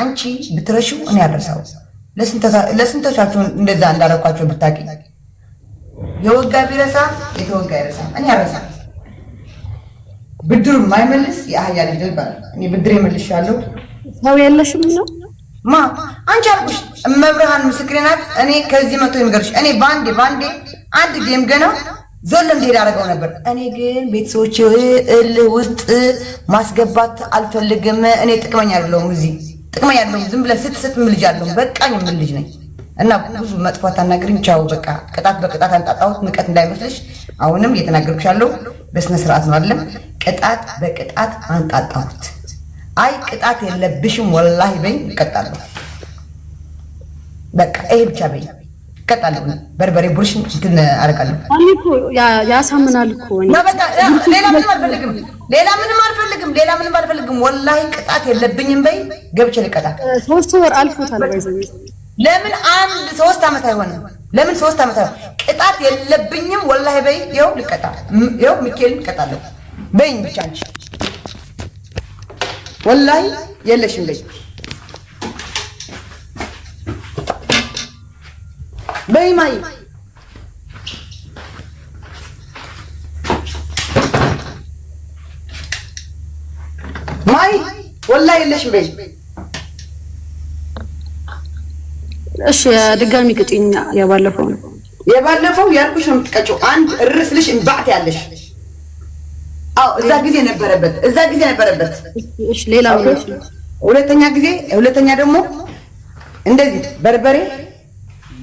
አንቺ ብትረሺው እኔ ያደርሰው ለስንቶቻችሁ እንደዛ እንዳረኳቸው ብታቂ የወጋ ቢረሳ የተወጋ ይረሳ። እኔ ያረሳ ብድሩ የማይመልስ የአህያ ልጅ ይባላል። እኔ ብድር ያለው ሰው ያለሽም ነው ማ አንቺ አልኩሽ። መብርሃን ምስክሬ ናት። እኔ ከዚህ መቶ የሚገርሽ እኔ በአንዴ በአንዴ አንድ ጌም ገና ዘሎ እንዲሄድ አደረገው ነበር። እኔ ግን ቤተሰቦች እልህ ውስጥ ማስገባት አልፈልግም። እኔ ጥቅመኛ አይደለሁም እዚህ ጥቅም ያለው ዝም ብለህ ስትስት ምን ልጅ አለሁ በቃኝ ምን ልጅ ነኝ እና ብዙ መጥፋት አናገርም። ቻው በቃ ቅጣት በቅጣት አንጣጣሁት ንቀት እንዳይመስልሽ። አሁንም እየተናገርኩሽ ያለው በስነ ስርዓት ነው። አለም ቅጣት በቅጣት አንጣጣሁት። አይ ቅጣት የለብሽም ወላሂ በይ፣ እቀጣለሁ። በቃ ይሄ ብቻ በይ። እቀጣለሁ። በርበሬ ቡርሽን እንትን አደርጋለሁ። ያሳምናል እኮ ሌላ ምንም አልፈልግም። ሌላ ምንም አልፈልግም። ሌላ ወላሂ ቅጣት የለብኝም በይ ገብቼ ልቀጣ። ሶስት ወር አልፎታል። ለምን አንድ ሶስት ዓመት አይሆንም? ለምን ሶስት ዓመት አይሆንም? ቅጣት የለብኝም ወላሂ በይ። ይኸው ልቀጣ፣ ይኸው ሚካኤልን እቀጣለሁ በይኝ ብቻ አንቺ ወላሂ የለሽም በይ በይማይ ማይ ወላሂ የለሽም በይ። እሺ ድጋሚ ቅጪኝ። የባለፈው ነው የባለፈው ያልኩሽ ነው የምትቀጪው። አንድ እርስ ልሽ እንባዕት ያለሽ አዎ፣ እዛ ጊዜ ነበረበት፣ እዛ ጊዜ ነበረበት። እሺ ሌላ ሁለተኛ ጊዜ ሁለተኛ ደግሞ እንደዚህ በርበሬ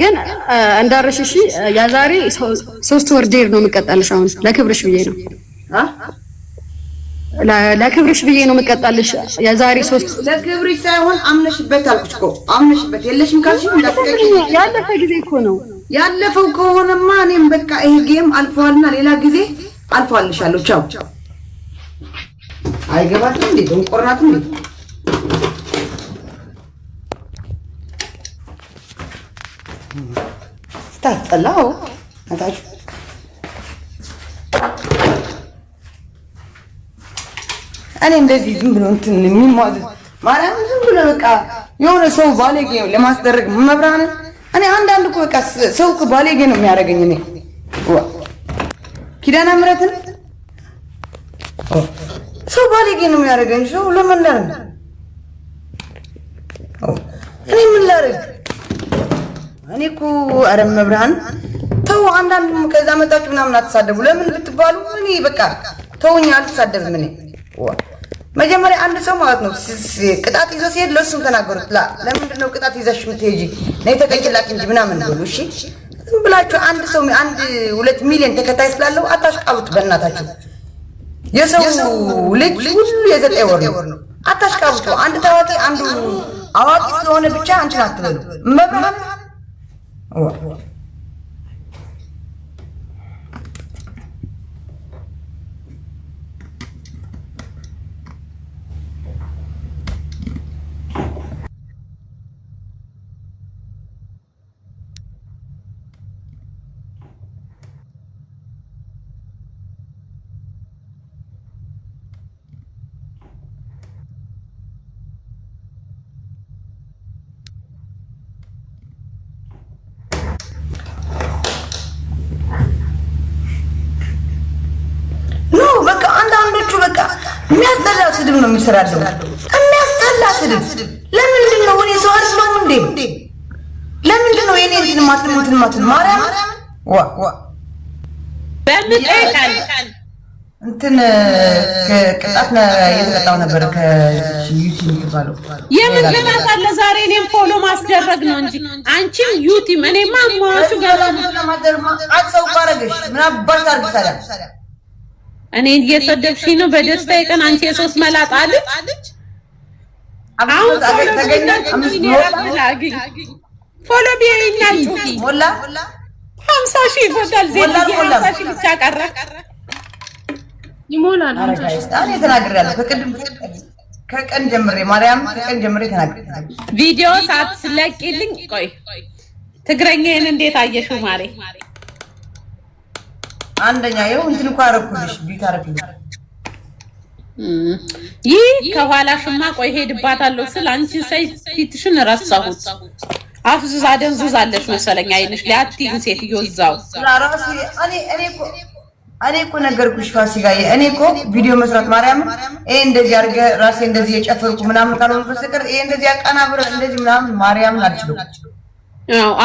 ግን እንዳረሽ እሺ፣ የዛሬ ሶስት ወር ጄል ነው የምቀጣልሽ። አሁን ለክብርሽ ብዬ ነው ለክብርሽ ብዬ ነው የምቀጣልሽ። የዛሬ ሶስት ለክብርሽ ሳይሆን አምነሽበት አልኩሽ እኮ አምነሽበት የለሽም ካልሽ እንዳትቀቂ። ያለፈ ጊዜ እኮ ነው። ያለፈው ከሆነማ እኔም በቃ ይሄ ጌም አልፈዋልና ሌላ ጊዜ አልፈዋልሻለሁ። ቻው። አይገባትም እንዴ? ደንቆርናትም እንዴ? ስታስጠላው አታችሁ እኔ እንደዚህ ዝም ብሎ እንትን የሚሟዝ ማርያም ዝም ብሎ በቃ የሆነ ሰው ባሌጌ ለማስደረግ መብራን እኔ አንዳንድ እኮ በቃ ሰው ባሌጌ ነው የሚያደርገኝ። እኔ ኪዳነ ምሕረትን ሰው ባሌጌ ነው የሚያደርገኝ ሰው ለመንደር ነው እኮ ኧረ መብርሃን ተው። አንዳንድ ከዛ መጣችሁ ምናምን አትሳደቡ። ለምን ብትባሉ እኔ በቃ ተውኝ፣ አልተሳደብም እኔ መጀመሪያ አንድ ሰው ማለት ነው ቅጣት ይዞ ሲሄድ ለሱም ተናገሩት። ላ ለምንድን ነው ቅጣት ይዘሽ ምትሄጂ? ነይ ተቀጭላት እንጂ ምናምን በሉ። እሺ ዝም ብላችሁ አንድ ሰው አንድ ሁለት ሚሊዮን ተከታይ ስላለው አታሽቃሉት በእናታችሁ የሰው ልጅ ሁሉ የዘጠኝ ወር ነው። አታሽቃሉት። አንድ ታዋቂ አንዱ አዋቂ ስለሆነ ብቻ አንችን አትበሉ። መብራት 我我。ምንድን ነው የሚሰራለው። የሚያስጠላ ስድብ ለምንድን ነው? እኔ ሰው አልስማም እንዴ? ለምንድን ነው የኔ እንትን ማትን እንትን ማትን ማርያም ዋ ዋ እንትን ቅጣት የተቀጣው ነበር ከዩቲም ባለው የምን ቅጣት አለ? ዛሬ እኔም ፎሎ ማስደረግ ነው እንጂ አንቺም ዩቲም እኔ ማሟቹ ጋር ነው ማደርማ አትሰው ባረገሽ ምን አባሽ አርግሳለሁ እኔ እየሰደብሽ ነው። በደስታ የቀን አንቺ የሶስት መላጣ አለች። አሁን ፎሎ ቢያይና ጩኪ ሞላ 50 ሺህ ይጎዳል። ዜድ 50 ሺህ ብቻ ቀረ ይሞላል። እኔ ተናግሬያለሁ ከቅድም ከቀን ጀምሬ ማርያም ከቀን ጀምሬ ተናግሬያለሁ። ቪዲዮ ሳትለቂልኝ ቆይ ትግረኛዬን እንዴት አየሽው ማሬ? አንደኛ ይኸው እንትን እኮ አደረኩልሽ። ቢት አደረኩልሽ። ይህ ከኋላሽማ ቆይ ሄድባታለሁ ስል አንቺ ሳይ ፊትሽን ረሳሁት። አፍዝዛ ደንዝዛለሽ መሰለኝ አይንሽ ላይ ሴትዮ እዛው እኔ እኮ ነገርኩሽ ፋሲካዬ፣ እኔ እኮ ቪዲዮ መስራት ማርያም፣ ይሄ እንደዚህ አድርገህ ራሴ እንደዚህ የጨፈርኩ ምናምን ካልሆነ በስተቀር ይሄ እንደዚህ አቀናብረ እንደዚህ ምናምን ማርያምን አልችልም።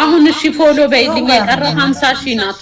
አሁን እሺ ፎሎ በይልኝ። የቀረ ሀምሳ ሺህ ናት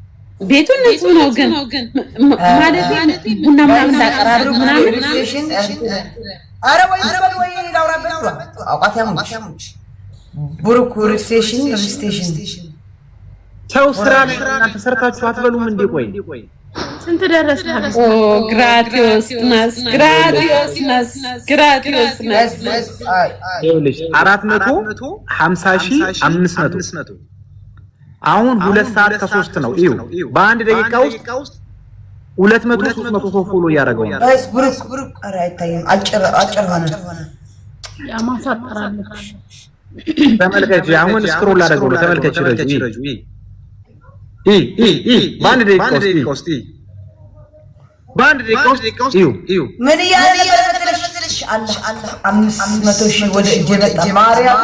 ቤቱ እነሱ ነው ግን ማለት ቡና ምናምን ምናምን። ወይ በል ወይ ላውራበት አውቃት ያሙች ብሩክ ሰው ስራ እናንተ ሰርታችሁ አትበሉም እንዴ? ቆይ ስንት ደረስ? ኦ ግራቲዮስ ነስ ግራቲዮስ ነስ ግራቲዮስ ነስ ይኸውልሽ አራት መቶ ሀምሳ ሺህ አምስት መቶ አሁን ሁለት ሰዓት ከሶስት ነው። ይኸው በአንድ ደቂቃ ውስጥ ሁለት መቶ ሶስት መቶ ሰው ፎሎ እያደረገው ነው። ብሩክ ኧረ አይታይም። አጭር አጭር ሆነ። ተመልከች፣ አሁን ስክሮል አደረገው ነው። ተመልከች፣ ረጅ ይ ይ ይ በአንድ ደቂቃ ውስጥ በአንድ ደቂቃ ውስጥ ይኸው ምን እያለ መሰለሽ አለ አለ አምስት መቶ ሺህ ወደ እጄ መጣ ማርያም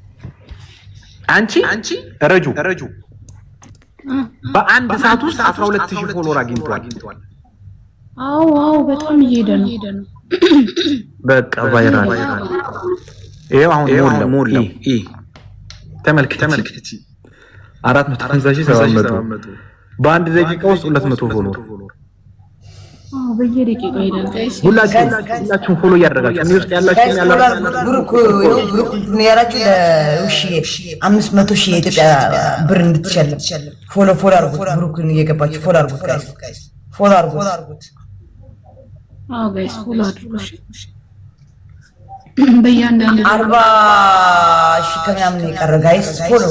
አንቺ አንቺ ረጁ ረጁ በአንድ ሰዓት ውስጥ 12000 ፎሎወር አግኝቷል። አዎ አዎ፣ በጣም እየሄደ ነው። በቃ ቫይራል ይሄው አሁን ሞላ ሞላ። ኢ ተመልከት ተመልከት፣ ሰባት መቶ በአንድ ደቂቃ ውስጥ መቶ ፎሎወር ሁላችሁም ፎሎ እያደረጋችሁ ውስጥ ያላችሁ አምስት መቶ ሺህ የኢትዮጵያ ብር እንድትሸልም ፎሎ ፎሎ አድርጉት። ብሩክን እየገባችሁ ፎሎ አድርጉት። ፎሎ አድርጉት። አርባ ሺህ ከምናምን የቀረ ጋይስ ፎሎ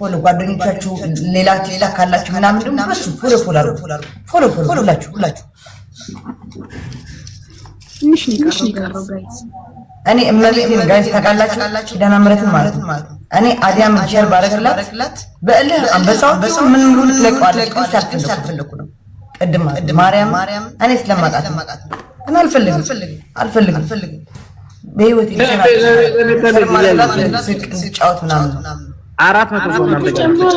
ፎሎ ጓደኞቻችሁ ሌላ ሌላ ካላችሁ ምናምን ደግሞ ፎሎ ፎሎ ፎሎ ፎሎ ሁላችሁ ሁላችሁ ትንሽ ነው እኔ እመቤቴን ጋይስ ታውቃላችሁ፣ ኪዳነ ምሕረትን ማለት ነው። እኔ አዲያም ሼር ባደረግላት በእልህ አንበሳው በሰው ምን ምሉ ትለቀዋለች። ቅዱስ ነው ቅድም ማርያም እኔ ስለማውቃት እና አልፈልግም አልፈልግም በህይወት ይችላል ስቅ ስጫወት ምናምን አራት መቶ ጨምሯል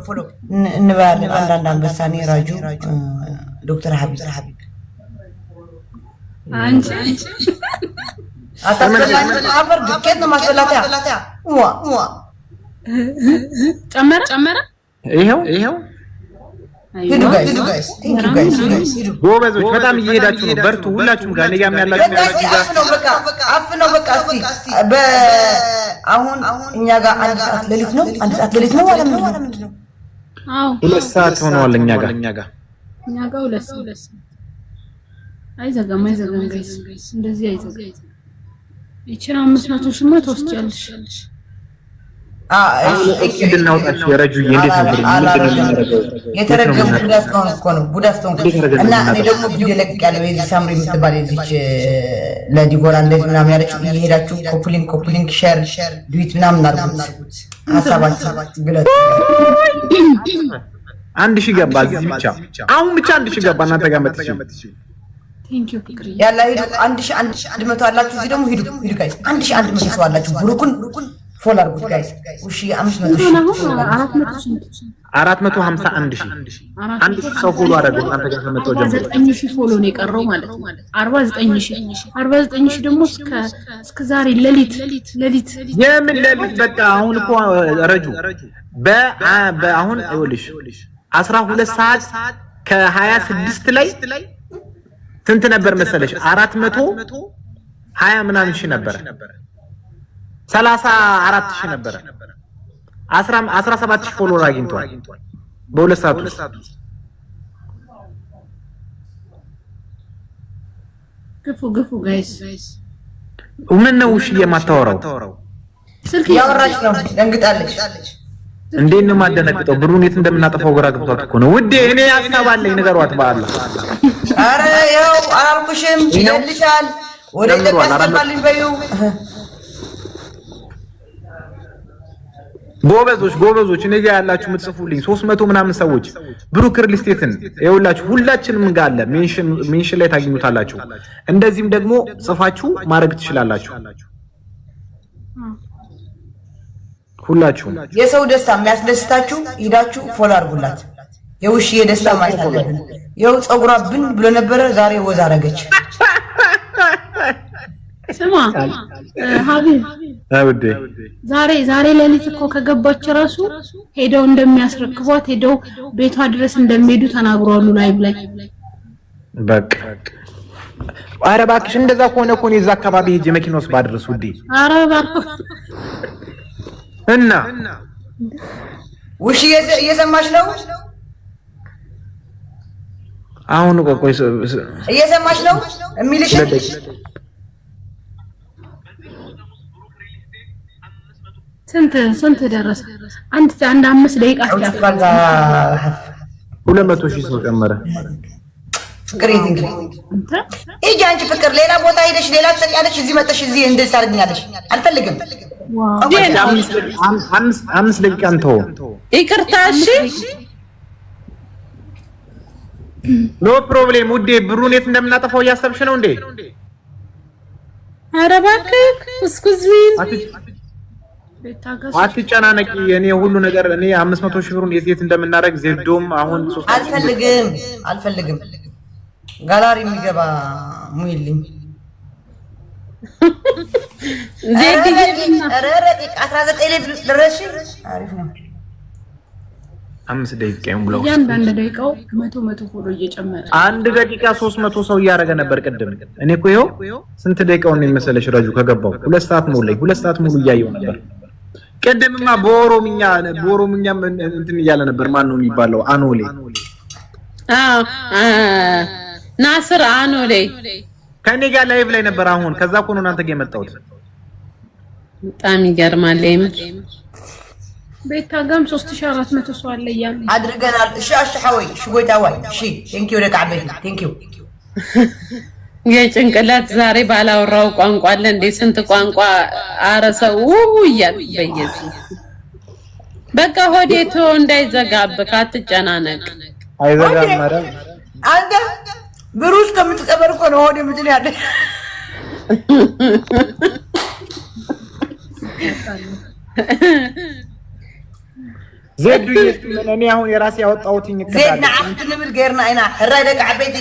እንበያለን። አንዳንድ አንበሳኔ ራጁ ዶክተር ሀቢብ ሀቢብ አንቺ አፈር ዱቄት ነው ማስበላትያ ጨመረ ጨመረ። ይኸው ይኸው ጎበዞች በጣም እየሄዳችሁ ነው። በርቱ ሁላችሁም ጋር ሌጋም ያላችሁ አፍ ነው። በቃ አሁን እኛ ጋር አንድ ሰዓት ሌሊት ነው። አንድ ሰዓት ሌሊት ነው ማለት ነው። ሁለት ሰዓት ሆነዋል። እኛ ጋር እኛ ጋር ሁለት ሰዓት አይዘጋም፣ አይዘጋም። እንደዚህ አይዘጋም። ይችን አምስት መቶ ሽማ ተወስጃለሽ እንድናውጣሽ የረጁዬ እንዴት ነበር? የተረገሙ ቡዳ ስትሆን እኮ ነው። ቡዳ ስትሆን እና አንድ ሺህ ገባ እዚህ ብቻ አሁን ብቻ አንድ ሺህ ገባ። እናንተ ጋር መጥቼ ያላ ሂዱ። አንድ ሺህ አንድ መቶ አላችሁ። እዚህ ደግሞ ሂዱ ሂዱ። አንድ ሺህ አንድ መቶ ሰው አላችሁ ብሩኩን ፎል አድርጉት ጋይስ። እሺ አምስት መቶ አራት መቶ ሀምሳ አንድ አንድ ሰው ፎሎ አደረገ። አንተ ጋር ከመጣሁ ጀምሮ ዘጠኝ ፎሎ ነው የቀረው ማለት ነው። አርባ ዘጠኝ አርባ ዘጠኝ ደግሞ እስከ ዛሬ ሌሊት ሌሊት የምን ሌሊት በቃ አሁን እኮ ረጁ በአሁን ይኸውልሽ አስራ ሁለት ሰዓት ከሀያ ስድስት ላይ ስንት ነበር መሰለሽ? አራት መቶ ሀያ ምናምን ሺ ነበረ ሰላሳ አራት ሺህ ነበረ። አስራ ሰባት ሺህ ፎሎወር አግኝቷል በሁለት ሰዓት ውስጥ። ግፉ ግፉ ጋይስ። ምን ነው ውሽ የማታወራው? ስልክ ያወራች ነው። ደንግጣለች። እንዴት ነው የማደነግጠው? ብሩን የት እንደምናጠፋው ግራ ገብቷት እኮ ነው ውዴ። እኔ ሀሳብ አለኝ፣ ንገሯት። በአላ አረ ያው አላልኩሽም? ይደልሻል። ወደ ኢትዮጵያ ስጠባልኝ በይው ጎበዞች ጎበዞች እኔ ጋር ያላችሁ የምትጽፉልኝ ሶስት መቶ ምናምን ሰዎች ብሩክ ሪል እስቴትን ይኸውላችሁ ሁላችንም ጋለ አለ ሜንሽን ሜንሽን ላይ ታገኙታላችሁ። እንደዚህም ደግሞ ጽፋችሁ ማድረግ ትችላላችሁ። ሁላችሁም የሰው ደስታ የሚያስደስታችሁ ሂዳችሁ ፎሎ አድርጉላት። የውሽዬ ደስታ ማለት ነው። ይኸው ፀጉሯ ብን ብሎ ነበረ ዛሬ ወዝ አረገች። ስማ ሀቢብ ውዴ፣ ዛሬ ዛሬ ሌሊት እኮ ከገባች ራሱ ሄደው እንደሚያስረክቧት ሄደው ቤቷ ድረስ እንደሚሄዱ ተናግሯሉ። ላይ ላይ በቃ ኧረ እባክሽ እንደዛ ከሆነ እኮ እኔ እዛ አካባቢ ሄጄ መኪና ውስጥ ባድረስ ውዴ። ኧረ እባክህ እና ውሽ እየሰማሽ ነው አሁን ቆይ እየሰማሽ ነው የሚልሽ ስንት ስንት ደረሰ? አንድ አንድ አምስት ደቂቃ ሁለት መቶ ሺህ ሰው ጨመረ። ፍቅር ሂጂ አንቺ ፍቅር፣ ሌላ ቦታ ሄደሽ ሌላ ትሰቂያለሽ። እዚህ መጠሽ እዚህ እንደዚህ ታደርጊኛለሽ። አልፈልግም። አምስት ደቂቃ እንተው። ይቅርታ እሺ። ኖ ፕሮብሌም ውዴ። ብሩን የት እንደምናጠፋው እያሰብሽ ነው እንዴ? እባክህ እስኩዝ አትጨናነቂ። እኔ ሁሉ ነገር እኔ አምስት መቶ ሺህ ብሩን የት እንደምናደርግ ዜዶም አሁን አልፈልግም አልፈልግም። ጋላሪ የሚገባ ሙይልኝ አምስት ደቂቃ እያንዳንድ ደቂቃው መቶ መቶ ፎሎ እየጨመረ አንድ ደቂቃ ሶስት መቶ ሰው እያደረገ ነበር ቅድም። እኔ እኮ ይኸው ስንት ደቂቃውን ነው የመሰለሽ? ረጁ ከገባው ሁለት ሰዓት ሙሉ ላይ ሁለት ሰዓት ሙሉ እያየው ነበር ቅድምማ በኦሮምኛ በኦሮምኛ እንትን እያለ ነበር። ማን ነው የሚባለው? አኖሌ ናስር አኖሌ ከኔ ጋር ላይቭ ላይ ነበር። አሁን ከዛ እኮ ነው እናንተ ጋር የመጣሁት። በጣም ይገርማል። የምር ቤታ ጋም 3400 ሰው አለ እያሉ አድርገናል። እሺ አሽሐወይ ሽጎይታዋይ እሺ ቴንኪው ለቃበይ ቴንኪው የጭንቅላት ዛሬ ባላወራው ቋንቋ አለ እንዴ? ስንት ቋንቋ አረሰው እያል በየዚ በቃ ሆዴቶ እንዳይዘጋብ ካትጨናነቅ አይዘጋም። አንተ ብሩስ ከምትቀበር እኮ ነው ሆዴ ምትል ያለ ዜዱዬ እኔ አሁን የራሴ ያወጣሁት ይንከታል ዜድና አፍት ልብል ገርና አይና ህራይ ደግ ዓበይቲ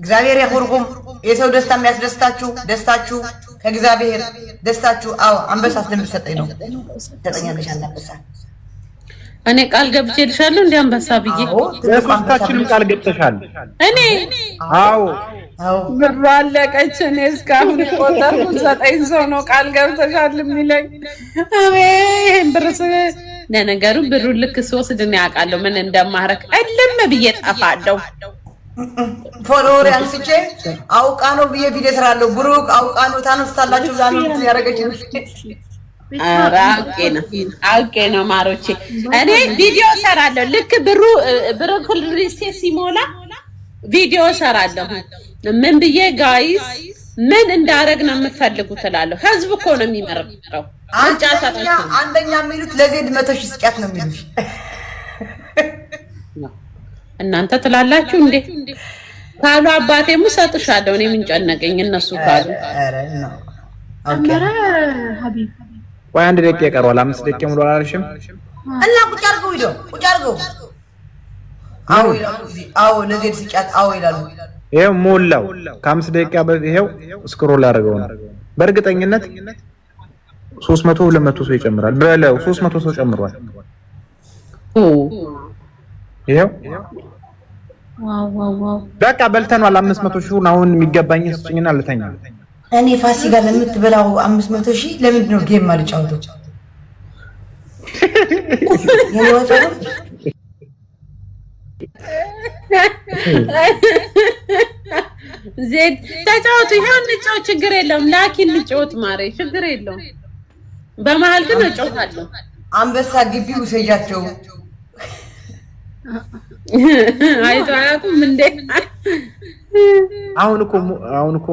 እግዚአብሔር የኹርኩም የሰው ደስታ የሚያስደስታችሁ ደስታችሁ ከእግዚአብሔር ደስታችሁ። አዎ አንበሳ ስለምን ነው ሰጠኛለሽ። አንበሳ እኔ ቃል ገብቼ ልሻለሁ። እንደ አንበሳ ብዬ ደስታችንም ቃል ገብተሻል። እኔ አዎ ብሩ አለቀች። እኔ እስካሁን ቆጠርኩት። ዘጠኝ ሰው ነው ቃል ገብተሻል የሚለኝ። አሜን ብርስ ለነገሩ ብሩን ልክ ስወስድ እኔ አውቃለሁ ምን እንደማረክ እልም ብዬ ጠፋለሁ። ፎሎወር አንስቼ አውቃ ነው ብዬ ቪዲዮ ስራለሁ። ብሩክ አውቃ ነው ታነስታላችሁ። ዛሬ ያደረገች አውቄ ነው ማሮቼ፣ እኔ ቪዲዮ ሰራለሁ። ልክ ብሩ ብሩክ ሪሴ ሲሞላ ቪዲዮ ሰራለሁ። ምን ብዬ ጋይስ ምን እንዳረግ ነው የምትፈልጉት እላለሁ። ህዝብ እኮ ነው የሚመረው። አንደኛ የሚሉት ለዜድ መቶ ሺህ ስጫት ነው የሚሉት እናንተ ትላላችሁ እንዴ? ካሉ አባቴ እሰጥሻለሁ። እኔ ምን ጨነቀኝ? እነሱ ካሉ ወይ አንድ ደቂቃ ይቀሯል። አምስት ደቂቃ ሙሉ አላልሽም እና ቁጭ አድርገው ቁጭ አድርገው አዎ አዎ ይላሉ። ይሄው ሞላው ከአምስት ደቂቃ ይሄው ስክሮል አድርገው ነው በእርግጠኝነት ሶስት መቶ ሁለት መቶ ሰው ይጨምራል። በለው ሶስት መቶ ሰው ጨምሯል። ይሄው በቃ በልተኗል። አምስት መቶ ሺህ አሁን የሚገባኝ ስጭኝና ልተኛ። እኔ ፋሲካ ለምትበላው አምስት መቶ ሺህ ለምንድን ነው ጌም አልጫወተው? ዜድ ተጫወቱ። ይኸው እንጫወት፣ ችግር የለውም። ላኪ እንጫወት ማሬ፣ ችግር የለውም። በመሀል ግን እጫወታለሁ። አንበሳ ግቢ ውሰጃቸው አይቶ አያውቁም እንዴ? አሁን እኮ አሁን እኮ